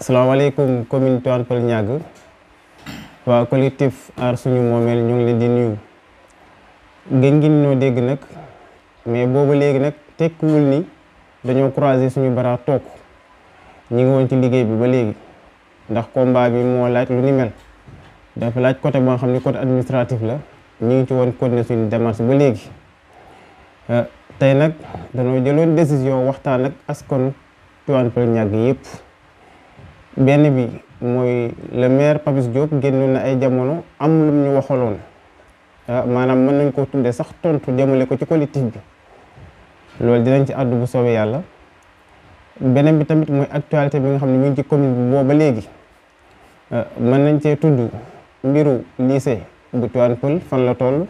asalaamaaleykum commune Tivaouane Peulh Niaga waa collectif aar suñu moomeel ñu ngi leen di nuyu gën ngeen noo dégg nag mais boobu léegi nag tekkiwul ni dañoo croiser suñu bara toog ñi ngi woon ci liggéey bi ba léegi ndax combat bi moo laaj lu ni mel dafa laaj côté boo xam ne côté administratif la ñu ngi ci woon continuer suñu démarche ba léegi euh, tey nag dañoo jëloon décision waxtaan ak askanu Tivaouane Peulh Niaga yëpp benn bi mooy le maire Papis Diop génnoon na ay jamono am lu ñu waxaloon ah, maanaam mën nañ koo tuddee sax tontu jëmale ko ci collectif bi loolu dinañ ci àddu bu soobee yàlla beneen bi tamit mooy actualité bi nga xam ne mu ngi ci commune bi booba léegi ah, mën nañ cee tudd mbiru lycée bu Tivaouane Peulh fan la toll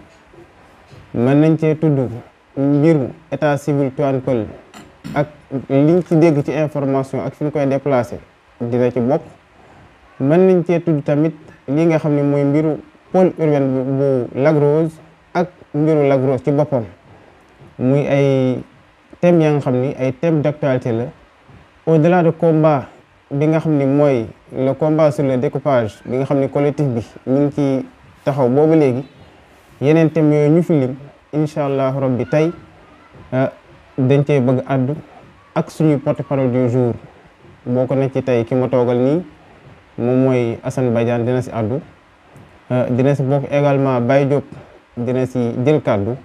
mën nañ cee tudd mbiru état civil Tivaouane Peulh ak liñ ci dégg ci information ak fi ñu koy déplacé dina ci bokk man nañ cee tudd tamit li nga xam ne mooy mbiru pôle urbain bu Lac ak mbiru Lac ci boppam muy ay tem ya nga xam ni ay thèmes d'actualité la au-delà de combat bi nga xam ni mooy le combat sur le découpage bi nga xam ni collectif bi ñu ngi ci taxaw boobu léegi yeneen thèmes yooyu ñu fi lim incha allah rabbi tey euh, dañ cee bëgg addu ak suñu porte-parole du jour boo ko nekk ci tey ki ma toogal nii moom mooy Assane Badiane dina si àddu euh, dina si bokk également Baye Diop dina si jël kàddu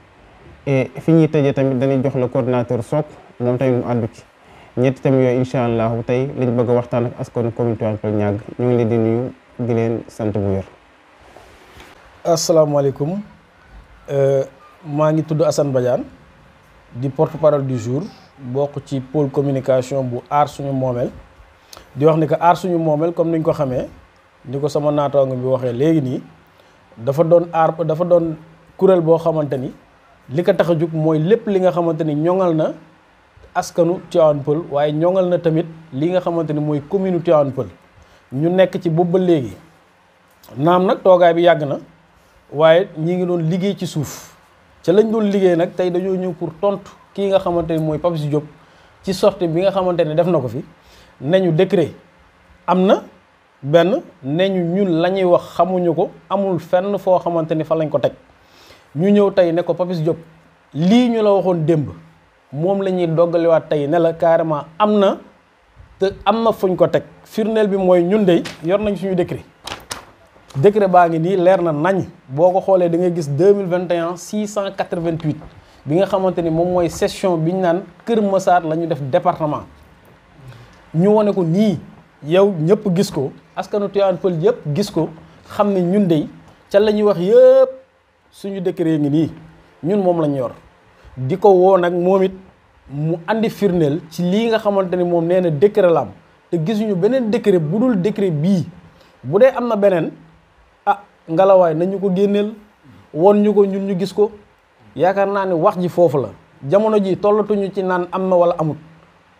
et fi ñuy tëjee tamit dañuy jox la coordinateur soog moom tamit mu àddu ci ñetti tamit yooyu incha allah tey lañu bëgg waxtaan ak askanu commune Tivaouane Peulh Niaga ñu ngi leen di nuyu di leen sant bu wér. asalaamaaleykum euh, maa ngi tudd Assane Badiane di porte parole du jour bokk ci pôle communication bu aar suñu moomeel. di wax ni que aar suñu moomeel comme ni ñu ko xamee ni ko sama naataango bi waxee léegi nii dafa doon aar dafa doon kuréel boo xamante ni li ko tax a jug mooy lépp li nga xamante ni ñoŋal na askanu Tivaouane Peulh waaye ñoŋal na tamit li nga xamante ni mooy commune Tivaouane Peulh ñu nekk ci boobu ba léegi naam nag toogaay bi yàgg na waaye ñi ngi doon liggéey ci suuf ca lañ doon liggéey nag tey dañoo ñëw pour tontu kii nga xamante ni mooy Pape Diop ci sortie bi nga xamante ne def na ko fi. nañu décret am na benn ne ñu ñun la ñuy wax xamuñu ko amul fenn foo xamante ni fa lañ ko teg ñu ñëw tey ne ko Papis Diop lii ñu la waxoon démb moom la ñuy doggaliwaat tey ne la carrément am na te am na fuñ ko teg firndeel bi mooy ñun de yor nañ suñu décret décret baa ngi nii leer na nañ boo ko xoolee da ngay gis 2021 688 bi nga xamante ni moom mooy session bi ñu naan Kër Massar la ñu def département ñu wane ko nii yow ñëpp gis ko askanu Tivaouane Peulh yëpp gis ko xam ne ñun de ca la ñuy wax yëpp suñu décret ngi nii ñun moom lañu yor di ko woo nag moom it mu andi firndeel ci lii nga xamante ni moom nee na décret la te gisuñu beneen décret bu dul décret bii bu dee am na beneen a ah, ngelawaay nañu ko génneel woon ñu ko ñun ñu gis ko yaakaar naa ne wax ji foofu la jamono ji tollatuñu ci naan am na wala amut.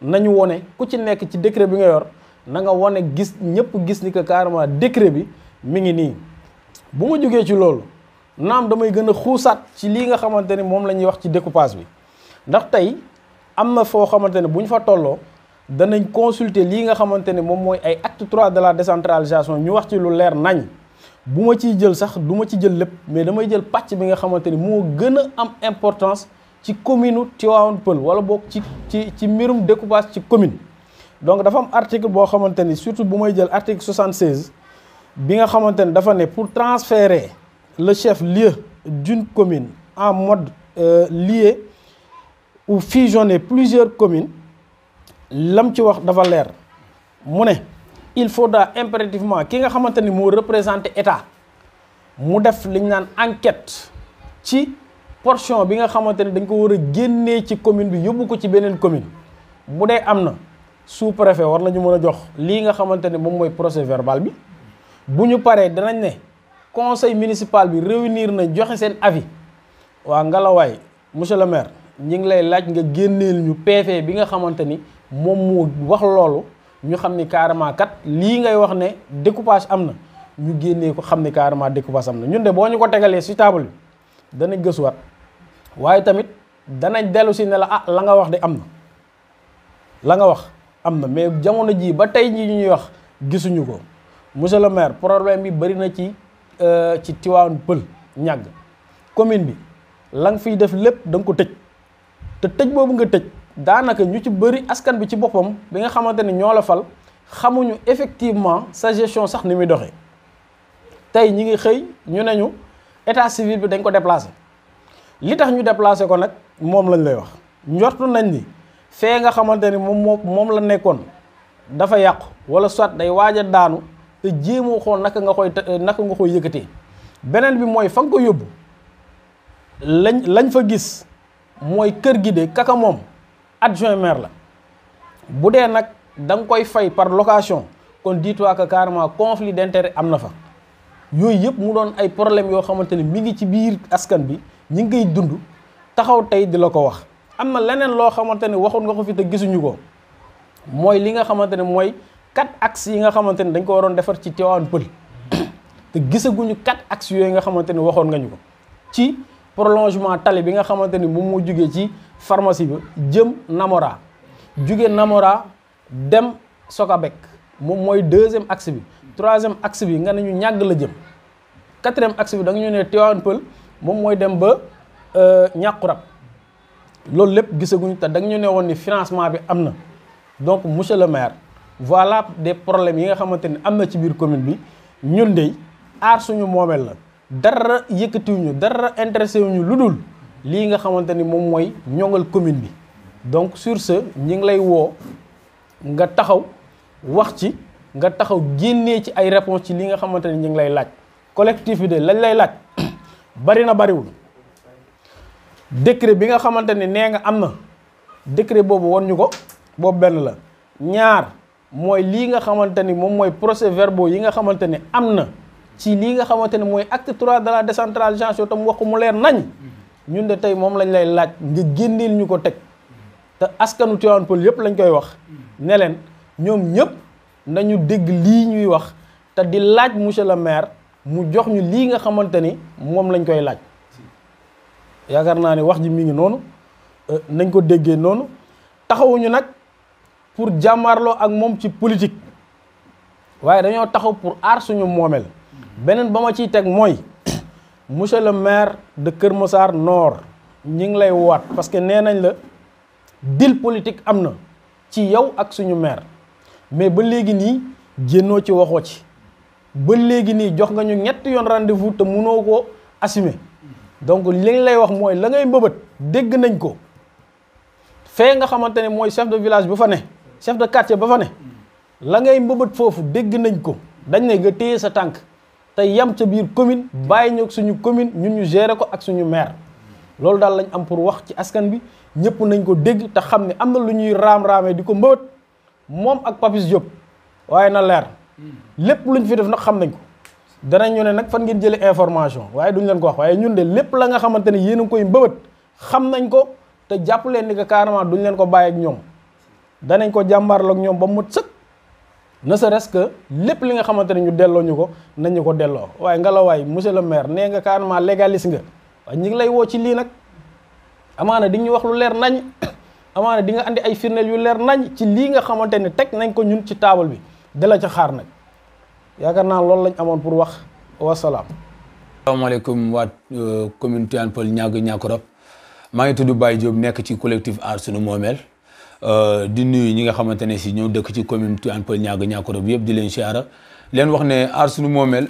nañu wone ku ci nekk ci décret bi nga yor na nga wone gis ñëpp gis ni que carrément décret bi mi ngi nii bu ma jógee ci loolu naam damay gën a xuusaat ci lii nga xamante ni moom la ñuy wax ci découpage bi ndax tey am na foo xamante ne bu ñu fa tolloo danañ consulter lii nga xamante ne moom mooy ay acte trois de la décentralisation ñu wax ci lu leer nañ bu ma ciy jël sax duma ci jël lépp mais damay jël pàcc bi nga xamante ni moo gën a am importance ci commune Tivaouane Peulh wala boog ci ci ci mbirum découpage ci commune donc dafa am article boo xamante ni surtout bu may jël article 76 bi nga xamante ni dafa ne pour transférer le chef lieu d'une commune en mode euh, lié ou fusionner plusieurs communes lam ci wax dafa leer mu ne il faut faudra impérativement ki nga xamante ni moo représenter état mu def li ñu naan enquête ci portion bi nga xamante ne dañ ko war a génnee ci commune bi yóbbu ko ci beneen commune bu dee am na sous préfet war nañu mën a jox lii nga xamante ne moom mooy procès verbal bi bu ñu paree danañ ne conseil municipal bi réunir na joxe seen avis waa ngalawaay monsieur le maire ñi ngi lay laaj nga génneel ñu PV bi nga xamante ni moom moo wax loolu ñu xam ni carrément kat lii ngay wax ne découpage am na ñu génnee ko xam ni carrément découpage am na ñun de boo ñu ko tegalee ci table bi dana gëstuwaat waaye tamit danañ dellu si ne la ah la nga wax de am na la nga wax am na mais jamono jii ba tey ñi ñuy wax gisuñu ko monsieur le maire problème bi bari na ci euh, ci Tivaouane pël ñàgg commune bi la nga fiy def lépp da nga ko tëj te tëj boobu nga tëj daanaka ñu ci bëri askan bi ci boppam bi nga xamante ni ñoo la fal xamuñu effectivement sa gestion sax ni muy doxe tey ñi ngi xëy ñu ne ñu état civil bi dañ ko déplacé. li tax ñu déplacé ko nag moom lañ lay wax njort nañ ni fee nga xamante ni moom moo moom la nekkoon dafa yàqu wala soit day waaj daanu te jéemoo xool naka nga koy ta naka nga koy yëkkatee beneen bi mooy fa nga ko yóbbu lañ lañ fa gis mooy kër gi de kaka moom adjoint maire la bu dee nag danga koy fay par location kon dis-toi que carrément conflit d'intérêt am na fa yooyu yëpp mu doon ay problème yoo xamante ni mi ngi ci biir askan bi ñi ngi koy dund taxaw tey di la ko wax am na leneen loo xamante ne waxoon nga ko fi te gisuñu ko mooy li nga xamante ne mooy quatre axes yi nga xamante ne dañ ko waroon defar ci Tivaouane Peulh te gisaguñu quatre axes yooyu nga xamante ni waxoon nga ñu ko ci prolongement tali bi nga xamante ni moom moo jugee ci pharmacie ba jëm Namora jugee Namora dem Sokabek moom mooy deuxième axe bi troisième axe bi nga ne ñu ñàgg la jëm quatrième axe bi da nga ñu ne Tivaouane Peulh moom mooy dem ba euh, ñàkku rab loolu lépp gisaguñu te da ñu ne woon ni financement bi am na donc monsieur le maire voilà des problèmes yi nga xamante ni am na ci biir commune bi ñun de aar suñu moomeel la dara yëkkatiwuñu dara intéressé wuñu lu dul lii nga xamante ni moom mooy ñoŋal commune bi donc sur ce ñi ngi lay woo nga taxaw wax ci nga taxaw génnee ci ay réponses ci li nga xamante ni ñi ngi lay laaj collectif bi de lañ lay laaj. bari na bariwul décret bi nga xamante ni nee nga am na décret boobu won ñu ko boobu benn la ñaar mooy lii nga xamante ni moom mooy procès verbaux yi nga xamante ni am na ci lii nga xamante ni mooy acte trois de la décentralisation tam wax ko mu leer nañ ñun de tey moom lañ lay laaj nga génneel ñu ko teg te askanu Tivaouane Peulh yépp lañ koy wax ne leen ñoom ñëpp nañu dégg lii ñuy wax te di laaj monsieur le maire. mu jox ñu lii nga xamante ni moom lañ koy laaj yaakaar naa ni wax ji mi ngi noonu euh, nañ ko déggee noonu taxawuñu nag pour jàmmaarloo ak moom ci politique waaye dañoo taxaw pour aar suñu moomeel beneen ba ma ciy teg mooy monsieur le maire de Kër Massar noor ñi ngi lay waat parce que nee nañ la deal politique am na ci yow ak suñu maire mais ba léegi nii génnoo ci waxoo ci. ba léegi nii jox nga ñu ñetti yoon rendez-vous te munoo koo assumer donc li lay wax mooy la ngay mbëbët dégg nañ ko fee nga xamante ne mooy chef de village ba fa ne chef de quartier ba fa ne la ngay mbëbët foofu dégg nañ ko dañ ne nga téye sa tànk te yem ca biir commune bàyyi ñu suñu commune ñun ñu gérer ko ak suñu maire loolu daal lañ am pour wax ci askan bi ñëpp nañ ko dégg te xam ne am na lu ñuy raam-raamee di ko mbëbët moom ak Papis Diop waaye na leer lépp luñ fi def nag xam nañ ko danañu ne nag fan ngeen jëlee information waaye duñ leen ko wax waaye ñun de lépp la nga xamante ne yéen a ngi koy mbëbët xam nañ ko te jàpp leen ni que carrément duñ leen ko bàyyi ak ñoom danañ ko jàmbaarloog ñoom ba mu sëkk ne serait-ce que lépp li nga xamante ne ñu delloo ñu ko nañu ko delloo waaye ngelawaay monsieur le maire nee nga carrément légaliste nga waaye ñu ngi lay woo ci lii nag amaana di ñu leer nañ amaana di nga andi ay firndeel yu leer nañ ci lii nga xamante ne teg nañ ko ñun ci taabal bi dala ca xaar nag. yaakaar naa loolu lañ amoon pour wax wasalaam. asalaamaaleykum waa euh, commune Tivaouane Peulh Niaga Niakoulrab maa ngi tudd bàyyi Diop nekk ci collectif aar sunu moomeel euh, di nuyu ñi nga xamante ne si ñoo dëkk ci commune Tivaouane Peulh Niaga Niakoulrab yëpp di leen siyaara leen wax ne aar sunu moomeel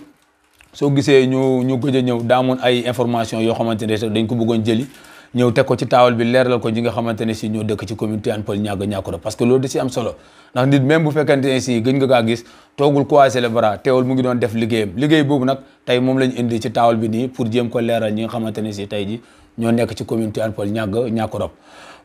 soo gisee ñu ñu gëj a ñëw daamoon ay information yoo xamante ne dañ ko bëggoon jëli. ñëw teg ko ci taawal bi leeral ko ñi nga xamante ne si ñoo dëkk ci commune Tivaouane Peulh ñàgg ñàkkuro parce que loolu da am solo ndax nit même bu fekkante ne si gëj nga kaa gis toogul croiser les bras teewul mu ngi doon def liggéeyam liggéey boobu nag tey moom lañ indi ci taawal bi nii pour jéem ko leeral ñi nga xamante ne si tey ji ñoo nekk ci commune Tivaouane Peulh ñàgg ñàkkurop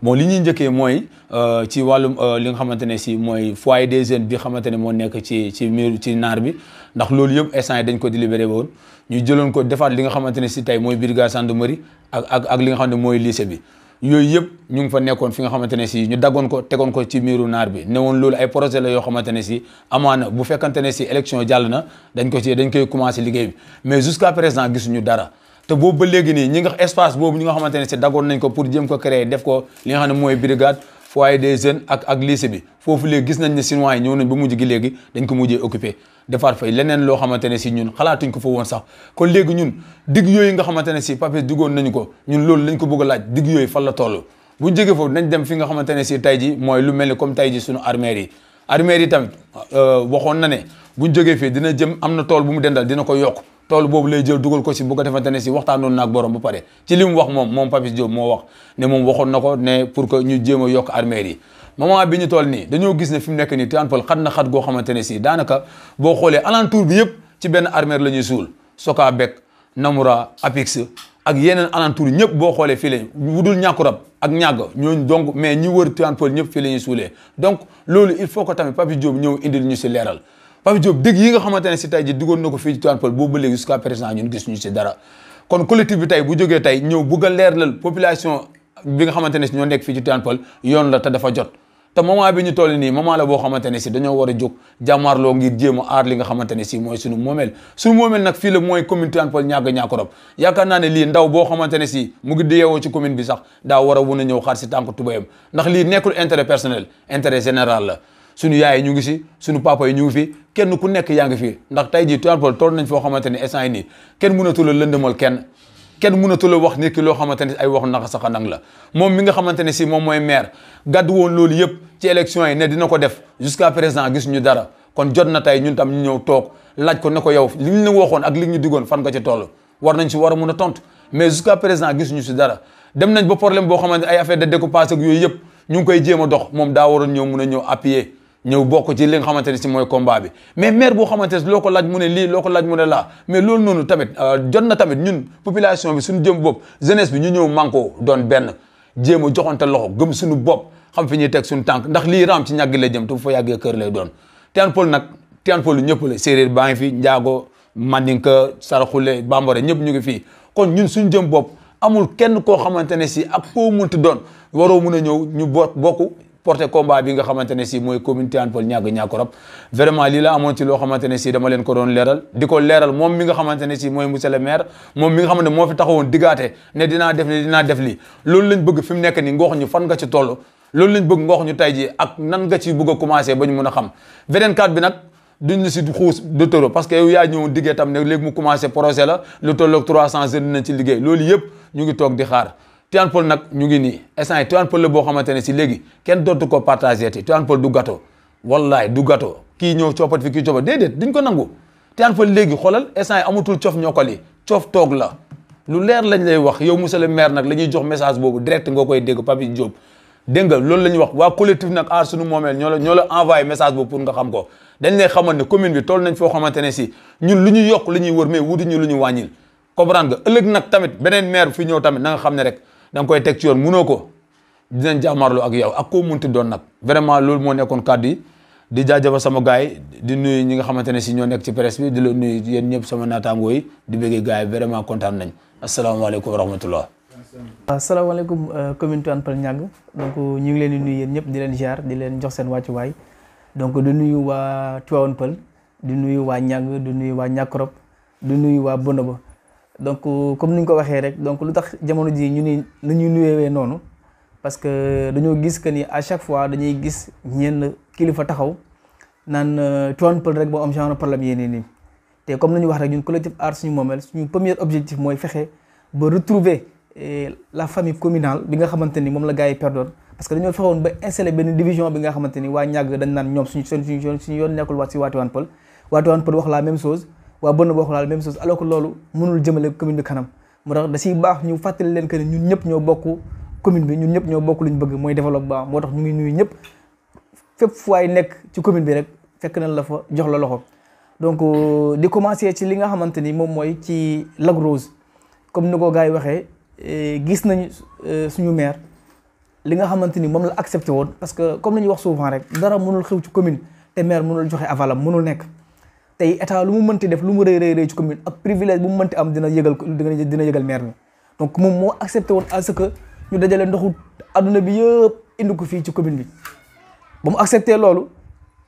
bon li ñuy njëkkee mooy euh, ci wàllum euh, li nga xamante ne si mooy foyer des jeunes bi xamante ne moo nekk ci ci mur ci naar bi ndax loolu yëpp instant yi dañ ko délibéré woon ñu jëloon ko defaat li nga xamante ne si tey mooy brigade gendarmerie ak ak ak li nga xam ne mooy lycée bi yooyu yëpp ñu ngi fa nekkoon fi nga xamante ne si ñu daggoon ko tegoon ko ci miiru naar bi ne woon loolu ay projet la yoo xamante ne si amaana bu fekkante ne si élection jàll na dañ ko ci dañ koy commencé liggéey bi mais jusqu'à présent gisuñu dara te boobu ba léegi nii ñi nga espace boobu ñu nga xamante ne si dagoon nañ ko pour jéem ko créer def ko li nga xam ne mooy brigade foyer des jeunes ak ak lycée bi foofu léegi nañ ne chinois yi ñëw nañ ba mujj gi léegi dañ ko mujjee occupé defaat leneen loo xamante ne si ñun xalaatuñ ko fa woon sax kon léegi ñun digg yooyu nga xamante ne si Papis diggoon nañu ko ñun loolu lañ ko bëgg laaj digg yooyu fan la toll buñ jógee foofu nañ dem fi nga xamante ne si tey ji mooy lu mel ni comme tey ji suñu armée yi armée yi tamit euh, waxoon na ne bu jógee fii dina jëm am na tool bu mu dendal dina ko yokk tool boobu lay jël dugal ko si bu ko defante ne si waxtaanoon na ak borom ba pare ci li mu wax moom moom Papis Diop moo wax ne moom waxoon na ko ne pour que ñu jéem a yokk armée yi moment bi nii dañoo gis ne fi mu nekk nii Tivaouane Peulh xat na xat goo xamante ne si daanaka boo xoolee alentour bi yëpp ci benn armée la ñuy suul Soka Bek Namoura Apix ak yeneen alentour ñëpp boo xoolee fii lañ wudul ñàkkurab ak ñàgg ñooñu donc mais ñi wër Tivaouane Peulh ñëpp fii la ñuy suulee donc loolu il faut que tamit Papis Diop ñëw indil ñu si leeral Pape Diop dégg yi nga xamante ne si tey ji duggoon na ko fii ci Tivaouane Peulh boobu ba léegi jusqu'à présent ñun gis ñu si dara kon collectif bi tey bu jógee tey ñëw bugg leer leerlal population bi nga xamante ne si ñoo nekk fii ci Tivaouane Peulh yoon la te dafa jot te moment bi ñu toll nii moment la boo xamante ne si dañoo war a jóg jàmmaarloo ngir jéem a aar li nga xamante ne si mooy sunu moomeel sunu moomeel nag fii la mooy commune Tivaouane Peulh ñàgg naa ne lii ndaw boo xamante ne si mu ngi deewoo ci commune bi sax daa war a wun a ñëw xaar si tànk ndax lii nekkul intérêt personnel intérêt général la suñu yaay yi ñu ngi si suñu papa yi ñu ngi fi kenn ku nekk yaa ngi fi ndax tey jii Tivaouane Peulh toll nañ foo xamante ni instant yi nii kenn mënatul a lëndëmal kenn kenn mënatul a wax nit ki loo xamante ne ay wax naka saxa nang la moom mi nga xamante ne si moom mooy mair gàddu woon loolu yëpp ci élection yi ne dina ko def jusqu'à gis gisuñu dara kon jot na tey ñun tam ñu ñëw toog laaj ko ne ko yow li ñu la ak li ñu digoon fan ko ci toll war nañ si war a mun a tontu mais jusqu'à présent si dara dem nañ ba problème boo xamante ay affaire de découpage ak yooyu yëpp ñu ngi koy jéem a dox moom daa waroon mun a ñëw ñëw bokk ci li nga xamante ne si mooy combat bi mais maire boo xamante ne loo ko laaj mu ne lii loo laaj mu ne laa mais loolu noonu tamit euh, jot na tamit ñun population bi suñu jëm bopp jeunesse bi ñu ñëw manko doon benn jéem a joxante loxo gëm suñu bopp xam fi ñuy teg suñu tànk ndax lii raam ci ñàgg la jëm te bu fa yàggee kër lay doon Tivaouane Peulh nag Tivaouane Peulh ñëpp la séeréer baa ngi fi njaago mandinka saraxule bambara ñëpp ñu ngi fii kon ñun suñu jëm bopp amul kenn koo xamante ne si ak koo munti doon waroo mun a ñëw ñu boot bokk porté combat bi nga xamante ne si mooy commune Tivaouane Peulh ñàgg ñàkkorop vraiment lii la amoon ci loo xamante ne si dama leen ko doon leeral di ko leeral moom mi nga xamante ne si mooy monsieur le maire moom mi nga xamante ne moo fi taxawoon diggaate ne dinaa def li dinaa def li loolu lañ bëgg fi mu nekk ni nga wax ñu fan nga ci toll loolu lañ bëgg nga wax ñu tay ji ak nan nga ci bëgg a commencé ba ñu mun a xam beneen cadre bi nag duñ la si xuus de toro parce que yow yaa ñëw diggee tam ne léegi mu commencé projet la lu tolloog 300 jeunes nañ ci liggéey loolu yëpp ñu ngi toog di xaar Tivaouane Peulh nag ñu ngi nii instant yi Tivaouane Peulh la boo xamante ne si léegi kenn dootu ko partagé te Tivaouane Peulh du gâteau wallaay du gâteau kii ñëw coppat fi kii coppat déedéet duñ ko nangu Tivaouane Peulh léegi xoolal instant yi amatul cof ñokkal yi cof toog la lu leer lañ lay wax yow monsieur le maire nag la ñuy jox message boobu direct nga koy dégg Papi Diop dégg nga loolu la ñuy wax waa collectif nag aar sunu moomeel ñoo la ñoo envoyé message boobu pour nga xam ko dañ lay xamal ne commune bi toll nañ foo xamante ne si ñun lu ñu yokk lu ñuy wër mais wutuñu lu ñu wàññil comprendre ëllëg nag tamit beneen maire fi ñëw tamit na xam ne rek da koy teg ci yoon munoo ko dinañ jàmmarloo ak yow ak koo munti doon nag vraiment loolu moo nekkoon kàddu di di jaajëfal sama gars yi di nuyu ñi nga xamante ne si ñoo nekk ci presse bi di la nuyu yéen ñëpp sama naataangoo yi di bëggee gars yi kontaan nañ asalaamaaleykum wa rahmatullah waaw salaamaaleykum euh, commune Tivaouane Peulh Niaga donc ñu ngi leen di nuyu yéen ñëpp di leen ziar di leen jox seen wàccuwaay donc di nuyu waa Tivaouane di nuyu waa Niaga di nuyu waa Niakrop di nuyu waa Bonobo donc euh, comme ni ñu ko waxee rek donc lu tax jamono ji ñu ni nañuy nuyeewee noonu parce que dañoo gis que ni à chaque fois dañuy gis ñenn kilifa taxaw naan euh, Tivaouane Peulh rek boo am genre problème yéenee nii te comme nañu wax rek ñun collectif aar suñu moomeel suñu premier objectif mooy fexe ba retrouver eh, la famille communale bi nga xamante ni moom la gars yi perdoon parce que dañoo fexewoon ba installé benn division bi nga xamante waa ñàgg dañ naan waa bënn boo xulaal même chose alors que loolu mënul jëmale commune bi kanam mu tax da siy baax ñu fàttali leen que ne ñun ñëpp ñoo bokk commune bi ñun ñëpp ñoo bokk lu ñu bëgg mooy développement moo tax ñu ngi nuyu ñëpp fépp fu waay nekk ci commune bi rek fekk nañ la fa jox la loxo donc euh, di commencer ci li nga xamante ni moom mooy ci Lac comme ni ko gars yi waxee eh, gis nañ euh, suñu maire li nga xamante ni moom la accepté woon parce que comme la ñuy wax souvent rek dara mënul xew ci commune te maire mënul joxe avalam mënul nekk tey état lu mu mënti def lu mu rëy rëy rëy ci commune ak privilège bu mu mënti am dina yëgal dina yëgal maire bi donc moom moo accepté woon à ce que ñu dajale ndoxu adduna bi yëpp indi ko fii ci commune bi ba mu accepté loolu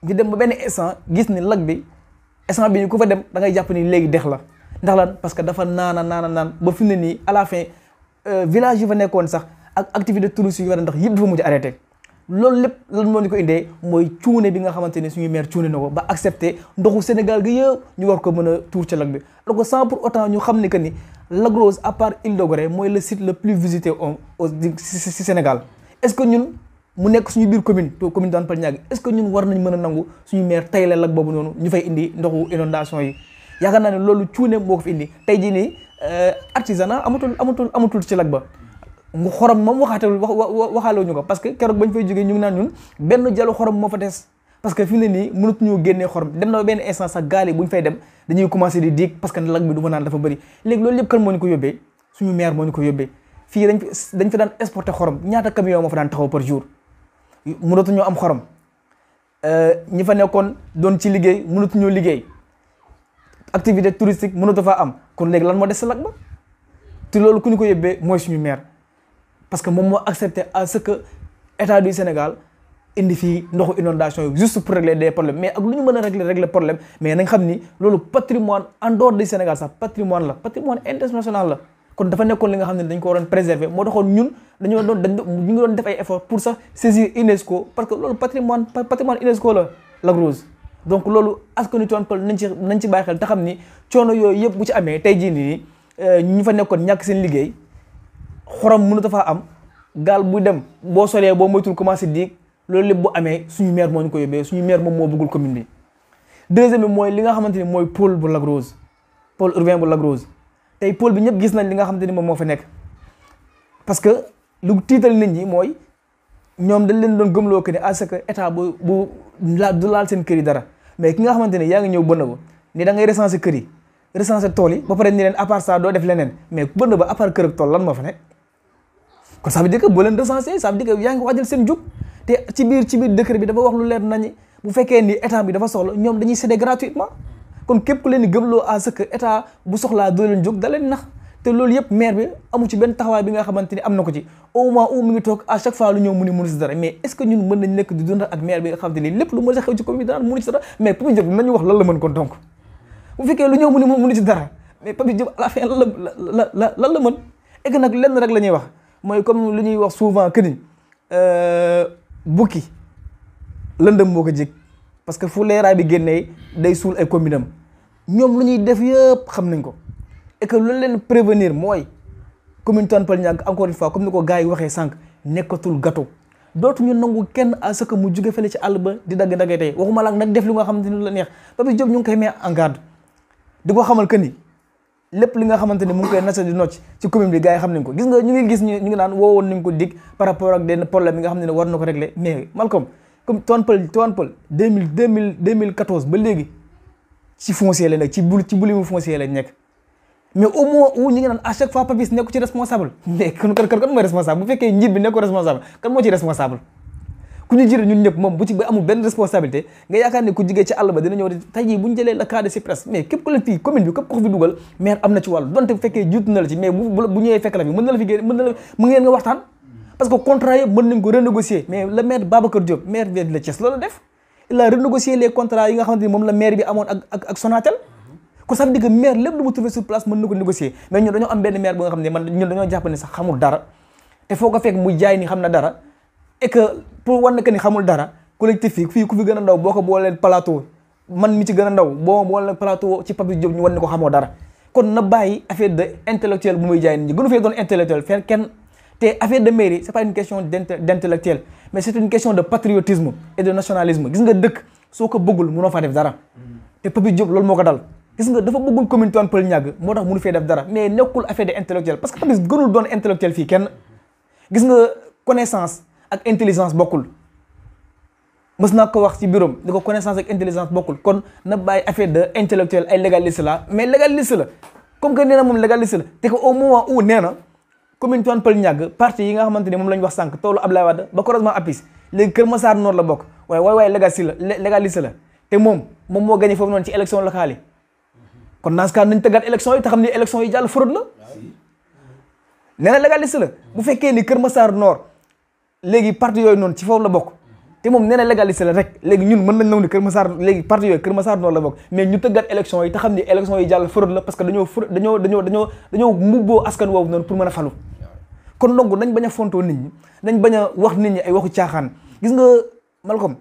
ñu dem ba benn instant gis ni lag bi instant bi ñu ko fa dem dangay jàpp ni léegi dex la ndax lan parce que dafa naana naana naan ba fi mu ne nii à la fin euh, village yi fa nekkoon sax ak activité touristique yi fa ndax yëpp dafa mujj arrêté loolu lépp lan moo ñu ko indee mooy cuune bi nga xamante ne suñu maire cuune na ko ba accepté ndoxu Sénégal gi yëpp ñu war ko mën a tuur ca lag bi alors que sans pour autant ñu xam ne que ni Lac Rose à part Île de Gorée mooy le site le plus visité au si Sénégal est-ce que ñun mu nekk suñu biir commune to commune daan Palñaag est-ce que ñun war nañ mën a nangu suñu maire tay la lag boobu noonu ñu fay indi ndoxu inondation yi yaakaar naa ne loolu cuune moo ko fi indi tey jii nii euh, artisanat amatul amatul amatul ci lag ba mu xorom moom waxaatal waxaaloo ñu ko parce que keroog bañ fay jógee ñu ngi naan ñun benn jalu xorom moo fa des parce que fi mu ne nii mënut ñoo génnee xorom dem na benn instant sax fay dem dañuy commencé di diig parce que lag bi du ma naan dafa bëri léegi loolu yëpp kan moo ñu ko yóbbee suñu maire moo ñu ko yóbbee fii dañ fi dañ fi daan exporté xorom ñaata camion moo fa daan taxaw par jour mënatuñoo am xorom euh, ñi fa nekkoon doon ci liggéey mënatuñoo liggéey activité touristique mënatu faa am kon léegi lan moo des sa lag ba te loolu ku ñu ko yóbbee mooy suñu maire parce que moom moo accepté à ce que état du indi fii ndoxu inondation yi juste pour régler des problèmes mais ak lu ñu mën a régler régler problème mais na nga xam ni loolu patrimoine en dehors du Sénégal sax patrimoine la patrimoine international la kon dafa nekkoon li nga xam ne dañ ko waroon préserver moo taxoon ñun dañoo doon dañ ñu ngi doon def ay effort pour sax saisir UNESCO parce que loolu patrimoine patrimoine UNESCO la Lac Rose donc loolu askanu Tivaouane Peulh nañ ci nañ ci bàyyi xel xam ni coono yooyu yëpp bu ci amee tey jii nii euh, fa nekkoon ñàkk seen liggéey xorom mënu dafaa am gaal bu dem boo solee boo moytul commencé diig loolu lépp bu amee suñu maire moo ñu ko yóbbee suñu maire moom moo bëggul commune bi deuxième bi mooy li nga xamante ni mooy pôle bu Lac Rose pôle urbain bu Lac Rose bi ñëpp gis nañ li nga xamante ni moom moo fa nekk parce que lu tiital nit ñi mooy ñoom dañ leen doon gëmloo que ne à ce que état bu bu la du laal seen kër yi dara mais ki nga xamante ne yaa ngi ñëw bënn ba ni da ngay recenser kër yi recenser tool yi ba pare ni leen à part ça doo def leneen mais tool lan moo fa nekk kon ça veut dire que boo leen recensé ça veut dire que yaa ngi waajal seen jug te ci biir ci biir décret bi dafa wax lu leer nañi bu fekkee ni état bi dafa soxla ñoom dañuy cédé gratuitement kon képp ku leen nax te loolu yëpp maire bi amu ci benn taxawaay bi nga xamante am na ko ci au moins où mi ngi toog à chaque fois lu ñëw mu ni a ci dara mais Pape Diop nañu la la fin lan la la la nag lenn rek la ñuy wax mooy comme lu ñuy wax souvent que ni euh, bukki lëndëm moo ko jig parce que fu leeraay bi génnee day suul ay commune am ñoom lu ñuy def yëpp xam nañ ko et que lu leen prévenir mooy commune Tivaouane Peulh encore une fois comme ni ko gars yi waxee sànq nekkatul dootu ñu nangu kenn à ce que mu jóge fële ci àll ba di dagg-daggee tey waxuma la nag def li nga xam ni lu la neex Papis Diop ñu ngi koy mee en di ko xamal que lépp li nga xamante ni mu ngi koy nasa di nocc ci commune bi gars yi xam nañ ko gis nga ñu ngi gis ñu ngi naan woowoon nañ ko dig par ak benn problème yi nga xam ne war na ko régler mais Malcom comme Tivaouane Peulh Tivaouane Peulh deux mille deux mille ba léegi ci foncier la nekk ci bul ci buli mu foncier la nekk mais au moins wu ñu ngi naan à chaque fois Papis nekku ci responsable mais kon kon mooy responsable bu fekkee njiit bi nekku responsable kan moo ci responsable ku ñu jir ñun ñëpp moom bu ci ba amul benn responsabilité nga yaakaar ne ku jigee ci àll ba dina ñëw di bu ñu jëlee le cas de Cypres mais ku la fii commune bi fi dugal maire am na ci fi mën na la fi génn mën na la mu loolu def il a renégocié les yi nga xamante ni moom la maire bi amoon ak ak ko ça veut dire que mu trouvé sur place mën na ko négocier mais ñun dañoo am benn maire bu nga xam ne man ñun dañoo jàpp ne dara te foo et que pour wan que xamul dara collectif yi fii ku fi gën a boo ko booleen plateau man mi ci gën a ndaw boo ma booleen plateau ci Pape Diop ñu wan ni ko xamoo dara kon na bàyyi affaire de intellectuel bu muy jaay nit ñi gënu fee doon intellectuel fenn kenn te affaire de mairie c'est pas une question d'intellectuel mais c'est une question de patriotisme et de nationalisme gis nga dëkk soo ko bëggul mënoo faa def dara te Pape Diop loolu moo ko dal gis nga dafa bëggul commune moo tax mënu fee def dara mais nekkul affaire de intellectuel parce que tamit gënul doon intellectuel fii kenn gis nga ak intelligence bokkul mës naa ko wax si bureau ni ko connaissance ak intelligence bokkul kon na bàyyi affaire de intellectuel ay légaliste la mais légaliste la comme que nee na moom légaliste la te que au moment où nee na commune Tivaouane Peulh ñàgg parti yi nga xamante ne moom la ñu wax sànq toolu Abdoulaye Wade ba croisement APIX léegi Kër Massar la bokk waaye waay waay légaliste la légaliste la te moom moom moo gagné foofu noonu ci élection la yi kon dans ce cas nañ tëggaat élection yi te xam ne élection yi jàll fraude la nee na la bu fekkee ni Kër Massar Nord léegi parti yooyu noonu ci foofu la bokk te moom nee na la rek léegi ñun mën nañ naw ni Kër Massar léegi parti yooyu Kër Massar noonu la bokk mais ñu tëggaat élection yi te xam ni élection yi jàll fraude la parce que dañoo fraude dañoo a kon donc nañ bañ a fontoo nit ñi nañ bañ a wax nit ñi ay waxu caaxaan gis nga Malcolm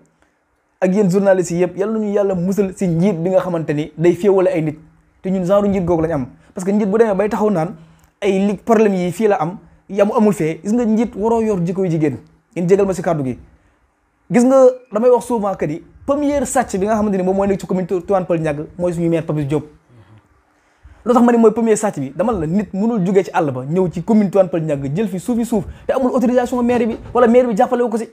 ak yéen journalistes yi yëpp yàlla ñu yàlla musal si njiit bi nga xamante ni day féewale ay nit te ñun genre njiit googu lañ am parce que njiit bu demee bay taxaw naan ay li problème yi fii la am yamu amul fee gis nga njiit waroo yor jikkoy jigéen ngeen jégal ma si kàddu gi gis nga damay wax souvent que ni première sàcc bi nga xamante moom mooy nekk ci commune Tivaouane Peulh bi dama la nit mënul jógee ci àll ba ñëw ci commune Tivaouane Peulh Niaga jël fi suufi suuf te amul autorisation maire bi wala maire bi jàppale wu ko si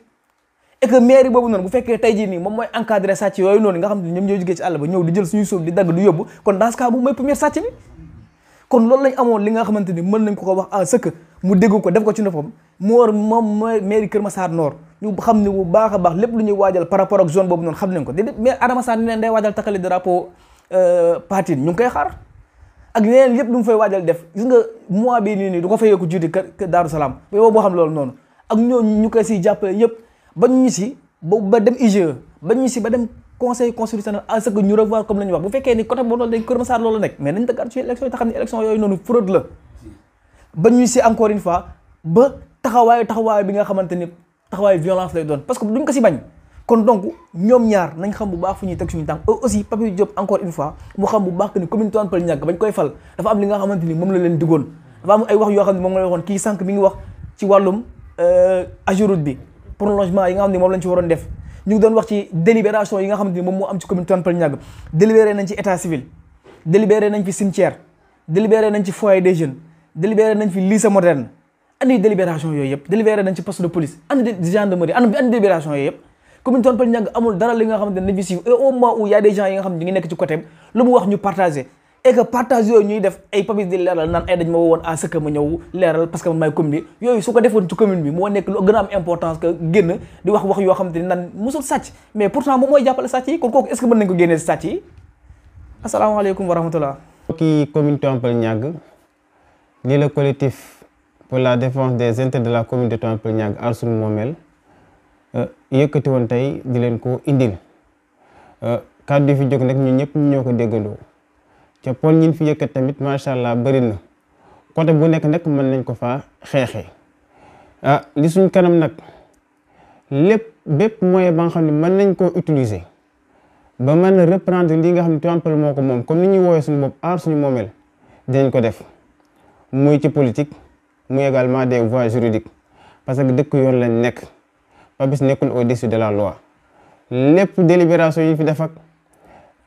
et que maire boobu noonu bu fekkee tey jii nii moom mooy encadré sàcc yooyu noonu nga xam ne ñoom ñoo ci àll ba ñëw di jël suñu suuf di dagg du kon loolu lañ amoon li nga xamante ni mën nañ ko ko wax à ce que mu dégg ko def ko ci noppam moo war moom mooy mairie Kër Massar Nord ñu xam ne bu baax a baax lépp lu ñuy waajal par rapport ak zone boobu noonu xam nañ ko déedéet mais Adama Sarr ne leen day waajal takkale drapeau euh, patine ñu ngi koy xaar ak yeneen yëpp lu mu fay waajal def gis nga mois bi nii nii du ko fayee ko jiite kër Daaru Salaam yow boo xam loolu noonu ak ñooñu ñu koy siy jàppale yëpp ba ñu si ba dem IGE ba ñu si ba dem conseil constitutionnel à ce que ñu revoir comme la ñu wax bu fekkee ni côté boobu dañ Kër Massar loolu nekk mais nañ dëgg ci élection yi te xam ne yooyu noonu fraude la ba ñuy si encore une ba taxawaayu bi nga xamante ni taxawaayu violence lay doon parce que duñ ko si bañ kon donc ñoom ñaar nañ xam bu baax fu ñuy teg suñu tànk aussi Pape Diop encore une fois mu xam bu baax que ni commune Tivaouane Peulh ñàkk bañ koy fal dafa am li nga xamante ni moom la leen digoon dafa am ay wax yoo xam ne moom la waxoon euh, yi nga xam ne moom lañ ci waroon def ñu ngi doon wax ci délibération yi nga xamante ni moom moo am ci commune Tivaouane Peulh-Niaga délibéré nañ ci état civil délibéré nañ fi cimetière délibéré nañ ci foyer des jeunes délibéré fi lycée moderne andi délibération yooyu yëpp délibéré nañ ci poste de police andi gendarmerie andi délibération yooyu yëpp commune Tivaouane Peulh-Niaga amul dara li nga xamante ne nañ fi suivre et au moment où y a des gens yi ngi nekk ci côté lu mu wax ñu et que partage yooyu ñuy def ay papis di leeral naan ay eh, dañ ma wowoon à ce que ma ñëw leeral parce que man maay commune bi yooyu su ko defoon ci commune bi moo nekk lu gën a am importance que génn di wax wax yoo xam te ne naan musul sàcc mais pourtant moom mooy jàppale sàcc nañ ko génnee si sàcc yi asalaamaaleykum wa rahmatullah mbokki commune Tivaouane Peulh-Niague la collectif pour la défense des intérêts de la commune de Tivaouane Peulh-Niague Aar Sunu Moomeel euh, yëkkati woon tey di leen ko indil euh, kàddu yi fi jóg nag ñëpp ñu ñoo ko déggandoo ca poñ ñin fi yëkkat tamit macha allah bëri na côté bu nekk nag mën nañ ko faa xeexee ah li suñ kanam nag lépp bépp moyen ba nga xam ne mën nañ koo utiliser ba man a reprendre li nga xam ne Tivaouane moo ko moom comme ni ñuy woowee suñu bopp aar suñu moomeel dañ ko def muy ci politique muy également des voies juridiques parce que dëkk yoon lañ nekk Pabis nekkul au-dessus de la loi lépp délibération yi fi def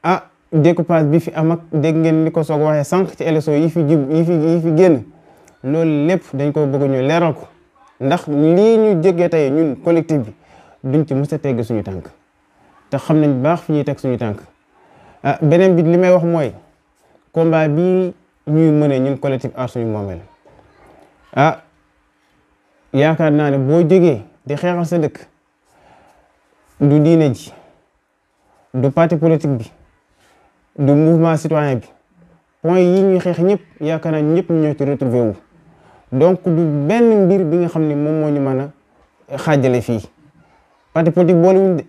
ah, découpage bi fi am ak dégg ngeen ni ko soog waxee sànq ci élection yi fi jub yi fi yi fi génn loolu lépp dañ ko bëgg ñu leeral ko ndax lii ñu jégee tey ñun collectif bi duñ ci mës a tegg suñu tànk te xam nañ baax fi ñuy teg suñu tànk ah beneen bi li may wax mooy combat bi ñuy mëne ñun collectif aar suñu moomeel ah yaakaar naa ne boo jógee di xeexal sa dëkk du diine ji du parti politique bi du mouvement citoyen bi point yi ñu xeex ñëpp yaakaar naa ñëpp ñoo ci retrouvé wu donc du benn mbir bi nga xam ni moom moo ñu man a xaajale fii parti politique boole wuñ de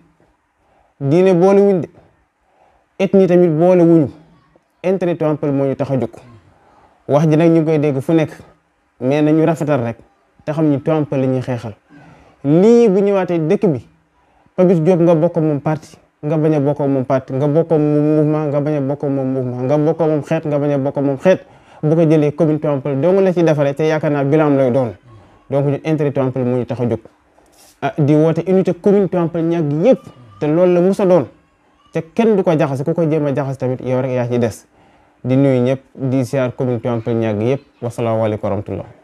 diine boole wuñ de ethnie tamit boole wuñu intérêt temple moo ñu tax a jóg wax ji nag ñu ngi koy dégg fu nekk mais nañu rafetal rek te xam ni temple la ñuy xeexal lii bu ñëwaatee dëkk bi Papis Diop nga bokk moom parti nga bañ a bokkoo moom parti nga bokkoo moom mouvement nga bañ a bokkoo moom mouvement nga bokkoo moom xeet nga bañ a bokkoo moom xeet bu jëlee commune Tivaouane Peulh la ci defaree te yaakaar naa bilan lay doon donc ñun intérêt Tivaouane Peulh moo ñu tax a jóg ah di woote unité commune Tivaouane Peulh ñàgg te loolu la musa doon te kenn du ko jaxase ku ko jéem a jaxase tamit yow rek yaa ci des di nuy ñëpp di siyaar commune Tivaouane Peulh ñàgg yëpp wasalaamaaleykum wa rahmatullah